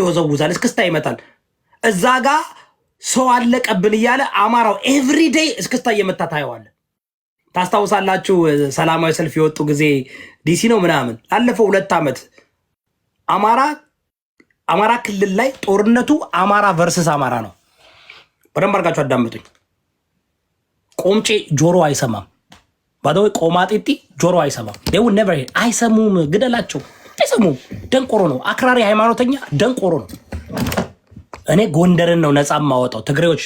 ይወዘውዛል፣ እስክስታ ይመጣል እዛ ጋ ሰው አለቀብን እያለ አማራው ኤቭሪዴይ እስክስታ እየመታ ታየዋለ። ታስታውሳላችሁ? ሰላማዊ ሰልፍ የወጡ ጊዜ ዲሲ ነው ምናምን ላለፈው ሁለት ዓመት አማራ አማራ ክልል ላይ ጦርነቱ አማራ ቨርስስ አማራ ነው። በደንብ አድርጋችሁ አዳምጡኝ። ቆምጬ ጆሮ አይሰማም። ባደወይ ቆማጤጢ ጆሮ አይሰማም። አይሰሙም። ግደላቸው። አይሰሙም። ደንቆሮ ነው፣ አክራሪ ሃይማኖተኛ ደንቆሮ ነው። እኔ ጎንደርን ነው ነፃ ማወጣው ትግሬዎች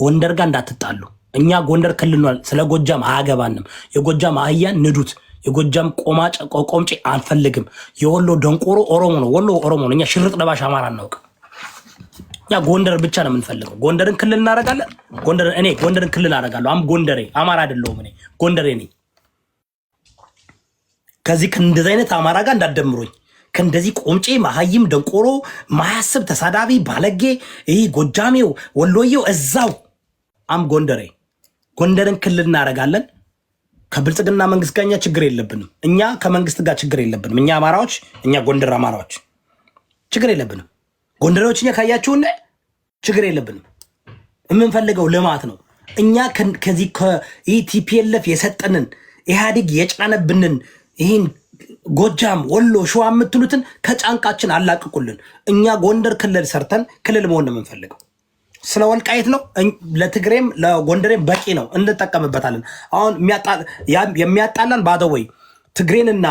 ጎንደር ጋር እንዳትጣሉ። እኛ ጎንደር ክልል ስለ ጎጃም አያገባንም። የጎጃም አህያን ንዱት። የጎጃም ቆማጭ ቆምጪ አንፈልግም። የወሎ ደንቆሮ ኦሮሞ ነው። ወሎ ኦሮሞ ነው። እኛ ሽርጥ ለባሽ አማራ እናውቅ። እኛ ጎንደር ብቻ ነው የምንፈልገው። ጎንደርን ክልል እናደርጋለን። ጎንደር እኔ ጎንደርን ክልል አደርጋለሁ። አም ጎንደሬ አማራ አይደለሁም። እኔ ጎንደሬ ነኝ። ከዚህ ከእንደዚህ አይነት አማራ ጋር እንዳደምሩኝ ከእንደዚህ ቆምጬ ማሀይም ደንቆሮ ማያስብ ተሳዳቢ ባለጌ ይህ ጎጃሜው ወሎዬው እዛው አም ጎንደሬ ጎንደርን ክልል እናደርጋለን። ከብልጽግና መንግስት ጋር እኛ ችግር የለብንም። እኛ ከመንግስት ጋር ችግር የለብንም። እኛ አማራዎች፣ እኛ ጎንደር አማራዎች ችግር የለብንም። ጎንደሬዎች እኛ ካያችሁን ችግር የለብንም። የምንፈልገው ልማት ነው። እኛ ከዚህ ከኢቲፒኤልኤፍ የሰጠንን ኢህአዴግ የጫነብንን ይህን ጎጃም፣ ወሎ፣ ሸዋ የምትሉትን ከጫንቃችን አላቅቁልን። እኛ ጎንደር ክልል ሰርተን ክልል መሆን ነው የምንፈልገው። ስለ ወልቃየት ነው ለትግሬም ለጎንደሬም በቂ ነው፣ እንጠቀምበታለን። አሁን የሚያጣላን ባደወይ ትግሬንና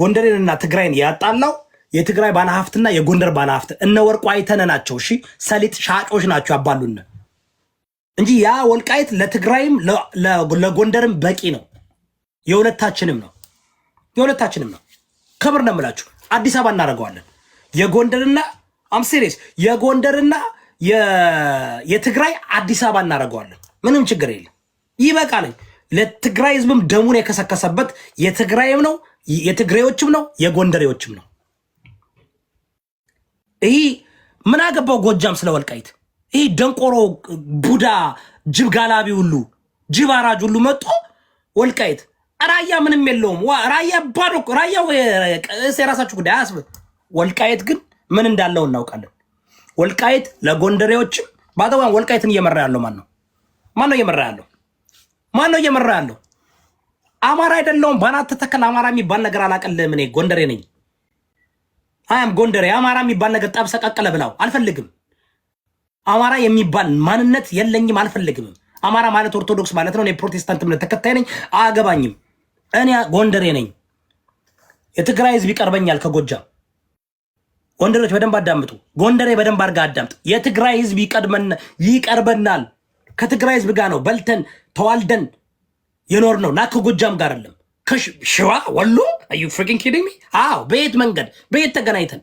ጎንደሬንና ትግራይን ያጣላው የትግራይ ባለሀብትና የጎንደር ባለሀብት እነ ወርቁ አይተነ ናቸው። እሺ ሰሊጥ ሻጮች ናቸው ያባሉን እንጂ ያ ወልቃየት ለትግራይም ለጎንደርም በቂ ነው፣ የሁለታችንም ነው። የሁለታችንም ነው። ክብር ነው የምላችሁ። አዲስ አበባ እናደርገዋለን። የጎንደርና አምሴሬስ የጎንደርና የትግራይ አዲስ አበባ እናደርገዋለን። ምንም ችግር የለም። ይበቃልኝ። ለትግራይ ህዝብም ደሙን የከሰከሰበት የትግራይም ነው የትግራዮችም ነው የጎንደሬዎችም ነው። ይህ ምን አገባው ጎጃም ስለ ወልቃይት? ይህ ደንቆሮ ቡዳ ጅብ ጋላቢ ሁሉ ጅብ አራጅ ሁሉ መጥቶ ወልቃይት ራያ ምንም የለውም። ራያ ባዶ ራያ የራሳችሁ ጉዳይ አያስብ። ወልቃየት ግን ምን እንዳለው እናውቃለን። ወልቃየት ለጎንደሬዎችም ባተዋ ወልቃየትን እየመራ ያለው ማን ነው? ማን ነው እየመራ ያለው? ማን ነው እየመራ ያለው? አማራ አይደለውም። ባናተ ተከል አማራ የሚባል ነገር አላቀልም። እኔ ጎንደሬ ነኝ። አያም ጎንደሬ አማራ የሚባል ነገር ጣብሰ ቀቀለ ብላው አልፈልግም። አማራ የሚባል ማንነት የለኝም፣ አልፈልግም። አማራ ማለት ኦርቶዶክስ ማለት ነው። እኔ ፕሮቴስታንት እምነት ተከታይ ነኝ። አያገባኝም። እኔ ጎንደሬ ነኝ። የትግራይ ህዝብ ይቀርበኛል ከጎጃም። ጎንደሮች በደንብ አዳምጡ። ጎንደሬ በደንብ አድርጋ አዳምጥ። የትግራይ ህዝብ ይቀርበናል። ከትግራይ ህዝብ ጋር ነው በልተን ተዋልደን የኖር ነው እና ከጎጃም ጋር አይደለም። ሽዋ ወሎ ዩ ፍሪኪንግ ኪዲንግ ሚ? አዎ በየት መንገድ በየት ተገናኝተን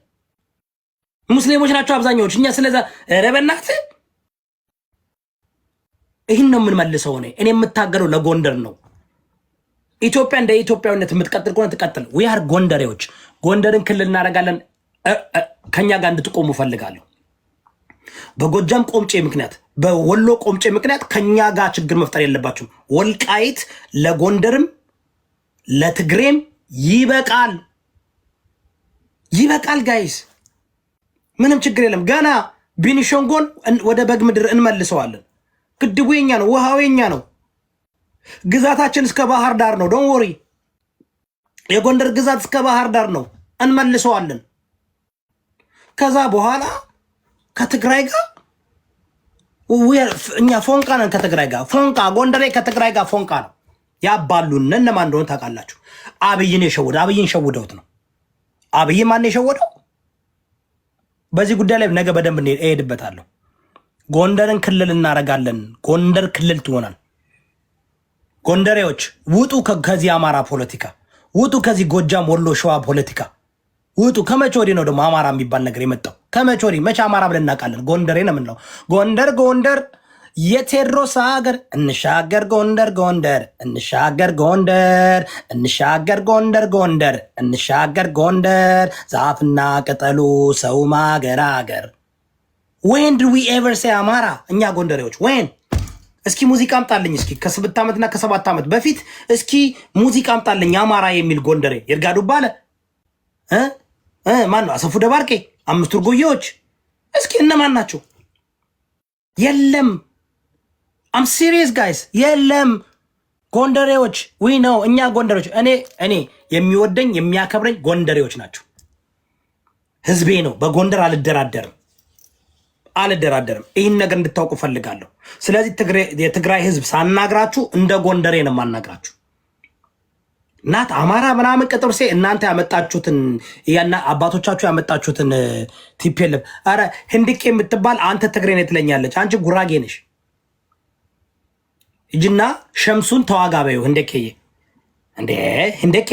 ሙስሊሞች ናቸው አብዛኛዎች። እኛ ስለዛ ኧረ በእናትህ ይህን ነው የምንመልሰው። እኔ እኔ የምታገለው ለጎንደር ነው ኢትዮጵያ እንደ ኢትዮጵያዊነት የምትቀጥል ከሆነ ትቀጥል። ዊያር ጎንደሬዎች፣ ጎንደርን ክልል እናደርጋለን። ከኛ ጋር እንድትቆሙ ፈልጋለሁ። በጎጃም ቆምጬ ምክንያት፣ በወሎ ቆምጬ ምክንያት ከኛ ጋር ችግር መፍጠር የለባችሁም። ወልቃይት ለጎንደርም ለትግሬም ይበቃል፣ ይበቃል። ጋይስ ምንም ችግር የለም። ገና ቢኒሾንጎን ወደ በግ ምድር እንመልሰዋለን። ግድቡ የኛ ነው፣ ውሃው የኛ ነው። ግዛታችን እስከ ባህር ዳር ነው። ዶን ወሪ የጎንደር ግዛት እስከ ባህር ዳር ነው፣ እንመልሰዋለን። ከዛ በኋላ ከትግራይ ጋር እኛ ፎንቃ ነን። ከትግራይ ጋር ፎንቃ፣ ጎንደሬ ከትግራይ ጋር ፎንቃ ነው። ያባሉን እነማን እንደሆነ ታውቃላችሁ። አብይን የሸወደ አብይን ሸውደውት ነው። አብይ ማን የሸወደው? በዚህ ጉዳይ ላይ ነገ በደንብ እሄድበታለሁ። ጎንደርን ክልል እናረጋለን። ጎንደር ክልል ትሆናል። ጎንደሬዎች ውጡ ከዚህ አማራ ፖለቲካ ውጡ፣ ከዚህ ጎጃም፣ ወሎ፣ ሸዋ ፖለቲካ ውጡ። ከመቼ ወዲህ ነው ደግሞ አማራ የሚባል ነገር የመጣው? ከመቼ ወዲህ? መቼ አማራ ብለን እናውቃለን? ጎንደሬ ነው የምንለው። ጎንደር ጎንደር የቴድሮስ ሀገር እንሻገር ጎንደር ጎንደር እንሻገር ጎንደር እንሻገር ጎንደር ጎንደር እንሻገር ጎንደር ዛፍና ቅጠሉ ሰው ማገር አገር ዌን ድ ዊ ኤቨር ሴ አማራ እኛ ጎንደሬዎች ዌን እስኪ ሙዚቃ አምጣልኝ። እስኪ ከስምንት ዓመትና ከሰባት ዓመት በፊት እስኪ ሙዚቃ አምጣልኝ አማራ የሚል ጎንደሬ የርጋዱ ባለ? ማን ነው? አሰፉ ደባርቄ፣ አምስቱ እርጎዬዎች እስኪ እነማን ናቸው? የለም። አም ሲሪየስ ጋይስ፣ የለም። ጎንደሬዎች ዊ ነው። እኛ ጎንደሬዎች እኔ እኔ የሚወደኝ የሚያከብረኝ ጎንደሬዎች ናቸው። ህዝቤ ነው። በጎንደር አልደራደርም። አልደራደርም። ይህን ነገር እንድታውቁ ፈልጋለሁ። ስለዚህ የትግራይ ህዝብ ሳናግራችሁ እንደ ጎንደሬ ነው ማናግራችሁ። እናት አማራ ምናምን ቅጥር ሴ እናንተ ያመጣችሁትን አባቶቻችሁ ያመጣችሁትን ቲፔልም አረ ህንድቄ የምትባል አንተ ትግሬ ነህ ትለኛለች። አንቺ ጉራጌ ነሽ። እጅና ሸምሱን ተዋጋ በይው። ህንደኬዬ እንዴ ህንደኬ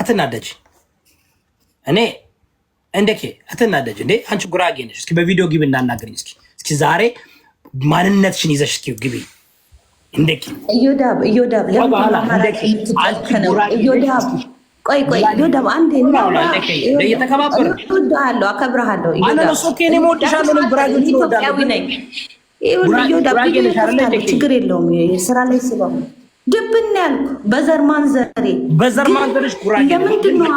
አትናደጅ እኔ እንደኬ ኬ አትናደጅ እንዴ አንቺ ጉራጌ ነሽ። እስኪ በቪዲዮ ግቢ እናናገርኝ። እስኪ እስኪ ዛሬ ማንነትሽን ይዘሽ እስኪ ግቢ። እንደኬ እዮዳብ እዮዳብ እዮዳብ ቆይ ቆይ እዮዳብ አንዴ እየተከባበር እወድሃለሁ፣ አከብርሃለሁ። ኢትዮጵያዊ ነኝ። ችግር የለውም ስራ ላይ ስለሆነ ድብን ያልኩ በዘር ማንዘሬ በዘር ማንዘርሽ ጉራጌ ለምንድን ነው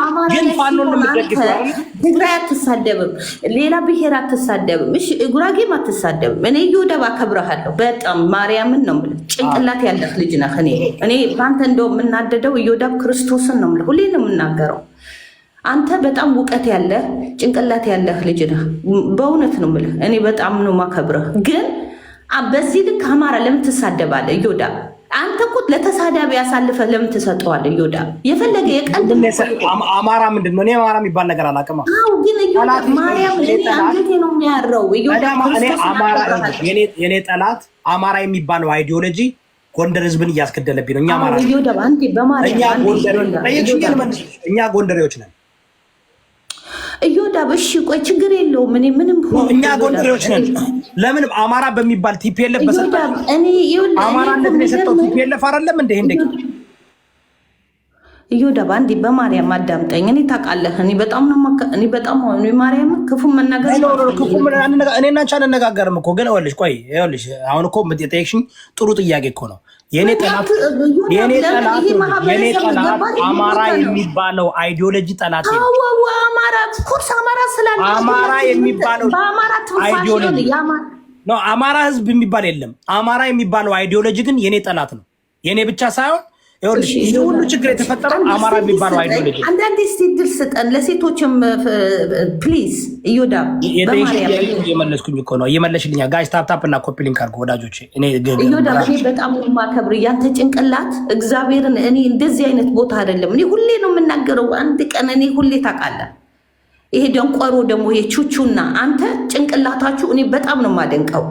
ትግራይ አትሳደብም? ሌላ ብሔር አትሳደብም? እሺ ጉራጌም አትሳደብም። እኔ እዮዳብ አከብረሃለሁ በጣም ማርያምን ነው የምልህ። ጭንቅላት ያለህ ልጅ ነህ። እኔ እኔ በአንተ እንደው የምናደደው እዮዳብ ክርስቶስን ነው የምልህ። ሁሌ ነው የምናገረው። አንተ በጣም እውቀት ያለህ ጭንቅላት ያለህ ልጅ ነህ። በእውነት ነው የምልህ። እኔ በጣም ነው ማከብረህ። ግን በዚህ ልክ አማራ ለምን ትሳደባለህ? እዮዳብ አንተ ለተሳዳቢ ያሳልፈህ ለምን ትሰጠዋለህ? እዮዳ የፈለገ የቀልድ አማራ ምንድን ነው? እኔ አማራ የሚባል ነገር አላውቅም። ግን ማርያም አንገቴ ነው የሚያረው። የኔ ጠላት አማራ የሚባለው አይዲዮሎጂ ጎንደር ህዝብን እያስገደለብኝ ነው። እኛ ጎንደሬዎች ነን። ጎንደር እሺ ቆይ ችግር የለውም። እኔ ምንም እኛ ጎንደሬዎች ነን። ለምን አማራ በሚባል ቲፒኤልኤፍ በሰጠው እኔ አማራነት የሰጠው ቲፒኤልኤፍ አይደለም እንደ ይሄን እዮዳብ አንዴ በማርያም አዳምጠኝ። እኔ ታውቃለህ፣ እኔ በጣም ነው እኔ በጣም ነው ማርያም ክፉ መናገር ክፉ እኔና አንቺ አንነጋገርም እኮ ግን ይኸውልሽ፣ ቆይ ይኸውልሽ፣ አሁን እኮ የጠየቅሽኝ ጥሩ ጥያቄ እኮ ነው የኔ ጠላት የኔ ጠላት የኔ ጠላት አማራ የሚባለው አይዲዮሎጂ ጠላት ነው። አማራ ኮርስ አማራ ስላለ አማራ የሚባለው አይዲዮሎጂ ነው። አማራ ህዝብ የሚባል የለም። አማራ የሚባለው አይዲዮሎጂ ግን የኔ ጠላት ነው። የኔ ብቻ ሳይሆን ይኸውልሽ ይህ ሁሉ ችግር የተፈጠረው አማራ የሚባለው ስጠን ለሴቶችም ፕሊዝ እዮዳ እየመለስኩኝ እኮ ነው እየመለሽልኛ ታፕታፕ እና አድርጎ ወዳጆች እዮዳ እኔ በጣም ያንተ ጭንቅላት እግዚአብሔርን እኔ እንደዚህ አይነት ቦታ አይደለም እኔ ሁሌ ነው የምናገረው አንድ ቀን እኔ ሁሌ ታውቃለህ ይሄ ደንቆሮ ደግሞ ይሄ ቹቹና አንተ ጭንቅላታችሁ እኔ በጣም ነው የማደንቀው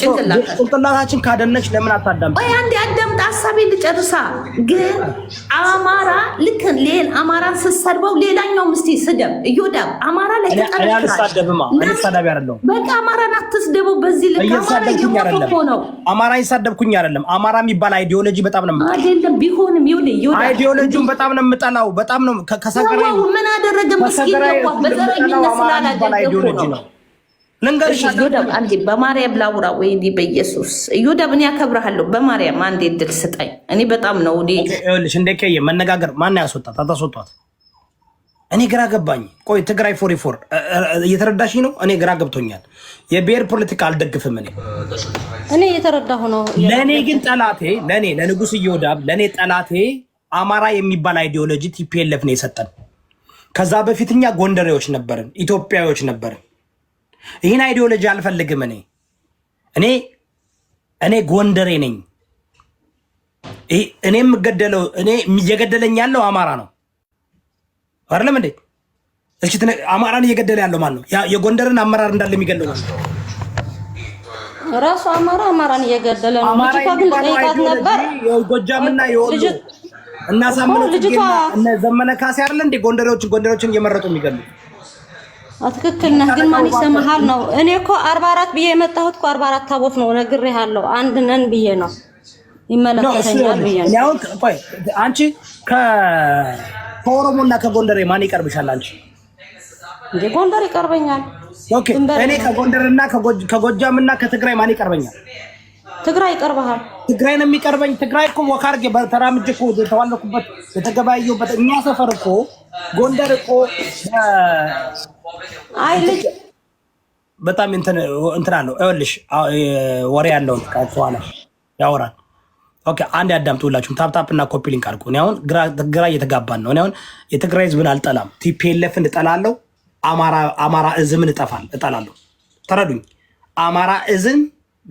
ጭንቅላታችን ካደነች ለምን አታዳም? ወይ አንድ አዳምጥ፣ ሀሳቤን ልጨርሳ። ግን አማራ ልክ ሌል አማራን ስሰድበው ሌላኛው ምስቲ ስደብ እዮዳብ አማራ ላይ አማራን አትስደበው በዚህ ልክ። አማራ እየሞቶ ይሳደብኩኝ አይደለም። አማራ የሚባል አይዲዮሎጂ በጣም ነው አይደለም። ቢሆንም ይሁን አይዲዮሎጂውን በጣም ነው የምጠላው። በጣም ነው ከሰገራ ምን አደረገ ምስኪን ነው በዘረኝነት ስላላደረገ ነው ልንገርሽ ዮዳብ አንዴ በማርያም ላውራ ወይ እንዲ በኢየሱስ ዮዳብ እኔ ያከብርሃለሁ። በማርያም አንዴ እድል ስጠኝ። እኔ በጣም ነው ልሽ እንደ ከየ መነጋገር ማን ያስወጣት? አታስወጧት። እኔ ግራ ገባኝ። ቆይ ትግራይ ፎሪ ፎር እየተረዳሽ ነው። እኔ ግራ ገብቶኛል። የብሔር ፖለቲካ አልደግፍም። እኔ እኔ እየተረዳሁ ነው። ለእኔ ግን ጠላቴ ለእኔ ለንጉስ ዮዳብ ለእኔ ጠላቴ አማራ የሚባል አይዲዮሎጂ ቲፒኤልኤፍ ነው የሰጠን። ከዛ በፊት እኛ ጎንደሬዎች ነበርን፣ ኢትዮጵያዎች ነበርን። ይህን አይዲዮሎጂ አልፈልግም። እኔ እኔ እኔ ጎንደሬ ነኝ። እኔ የምገደለው እኔ እየገደለኝ ያለው አማራ ነው አይደለም እንዴ? እስኪ አማራን እየገደለ ያለው ማን ነው? የጎንደርን አመራር እንዳለ የሚገለው ራሱ አማራ አማራን እየገደለ ነው። ልጅቷ ግን ጠይቃት ነበር። ጎጃምና የወሎ እና ሳምነው እና ዘመነ ካሴ አይደለ እንዴ? ጎንደሬዎችን ጎንደሬዎችን እየመረጡ የሚገሉት ትክክል ነህ፣ ግን ማን ይሰማሃል ነው። እኔ እኮ 44 ብዬ የመጣሁት እኮ 44 ታቦት ነው ነግሬሃለሁ። አንድ ነን ብዬ ነው ይመለከተኛል ብዬ ነው። ያው ቆይ አንቺ ከኦሮሞና ከጎንደሬ ማን ይቀርብሻል? አንቺ እንደ ጎንደር ይቀርበኛል። ኦኬ እኔ ከጎንደርና ከጎጃምና ከትግራይ ማን ይቀርበኛል? ትግራይ ይቀርባሃል። ትግራይ ነው የሚቀርበኝ። ትግራይ እኮ ወካርጌ በተራምጅ እኮ የተዋለኩበት የተገባየሁበት እኛ ሰፈር እኮ ጎንደር እኮ አይ ልጅ በጣም እንትና ነው። ይኸውልሽ ወሬ ያለው ከኋላ ያወራል። ኦኬ አንድ ያዳምጡ ሁላችሁም። ታፕታፕ እና ኮፒ ሊንክ አድርጉ። እኔ አሁን ግራ እየተጋባን ነው። እኔ አሁን የትግራይ ህዝብን አልጠላም፣ ቲፒኤልኤፍን እጠላለሁ፣ አማራ እዝምን እጠፋል እጠላለሁ። ተረዱኝ። አማራ እዝም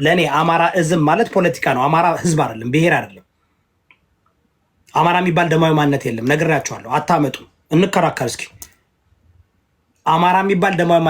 ለእኔ አማራ እዝም ማለት ፖለቲካ ነው። አማራ ህዝብ አይደለም፣ ብሄር አይደለም። አማራ የሚባል ደማዊ ማንነት የለም። ነግራችኋለሁ፣ አታመጡም እንከራከር እስኪ። አማራ የሚባል ደማ